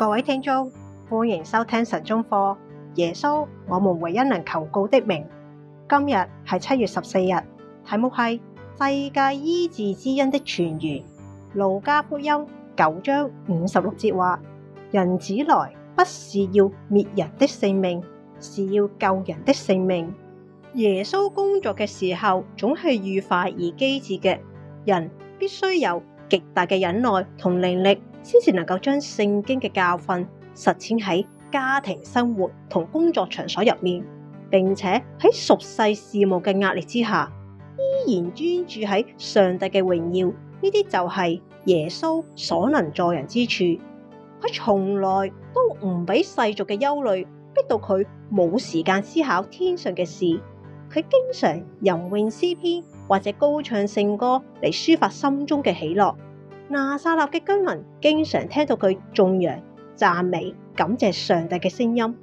各位聽眾，歡迎收聽神中課。耶穌，我們唯一能求告的名。今日係七月十四日，題目係世界醫治之恩的泉源。路加福音九章五十六節話：人子來不是要滅人的性命，是要救人的性命。耶穌工作嘅時候，總係愉快而機智嘅。人必須有極大嘅忍耐同靈力。先至能夠將聖經嘅教訓實踐喺家庭生活同工作場所入面，並且喺俗世事務嘅壓力之下，依然專注喺上帝嘅榮耀。呢啲就係耶穌所能助人之處。佢從來都唔俾世俗嘅憂慮逼到佢冇時間思考天上嘅事。佢經常吟詠詩篇或者高唱聖歌嚟抒發心中嘅喜樂。拿撒勒嘅居民經常聽到佢頌揚、讚美、感謝上帝嘅聲音。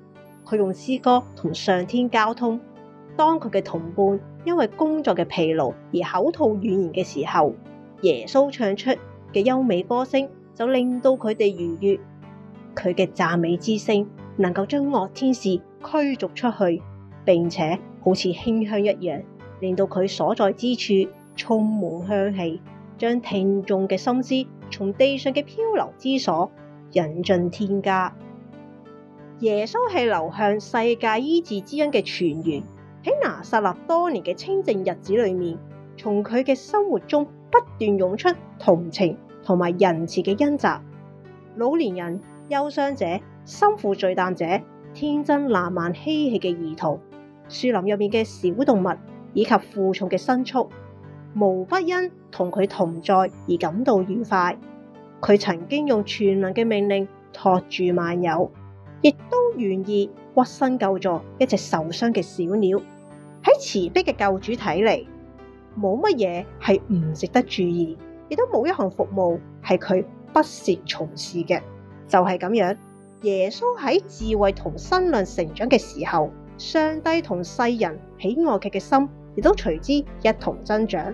佢用詩歌同上天交通。當佢嘅同伴因為工作嘅疲勞而口吐怨言嘅時候，耶穌唱出嘅優美歌聲就令到佢哋愉悅。佢嘅讚美之聲能夠將惡天使驅逐出去，並且好似馨香一樣，令到佢所在之處充滿香氣。將聽眾嘅心思從地上嘅漂流之所引進天家。耶穌係流向世界醫治之恩嘅泉源。喺拿撒勒多年嘅清靜日子裏面，從佢嘅生活中不斷湧出同情同埋仁慈嘅恩澤。老年人、憂傷者、心負罪擔者、天真爛漫嬉戲嘅兒童、樹林入面嘅小動物以及負重嘅牲畜。無不因同佢同在而感到愉快。佢曾經用全能嘅命令托住萬有，亦都願意屈身救助一隻受傷嘅小鳥。喺慈悲嘅救主睇嚟，冇乜嘢係唔值得注意，亦都冇一項服務係佢不屑從事嘅。就係、是、咁樣，耶穌喺智慧同身量成長嘅時候，上帝同世人喜愛佢嘅心，亦都隨之一同增長。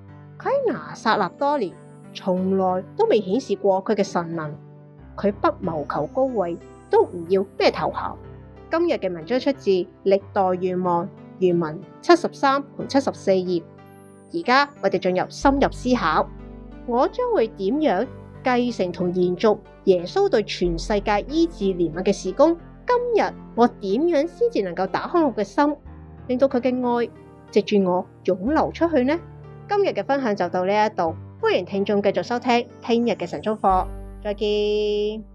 喺拿撒勒多年，從來都未顯示過佢嘅神能。佢不謀求高位，都唔要咩頭銜。今日嘅文章出自《歷代願望》原文七十三同七十四頁。而家我哋進入深入思考：我將會點樣繼承同延續耶穌對全世界醫治憐憫嘅事工？今日我點樣先至能夠打開我嘅心，令到佢嘅愛藉住我湧流出去呢？今日嘅分享就到呢度，歡迎聽眾繼續收聽聽日嘅晨早課，再見。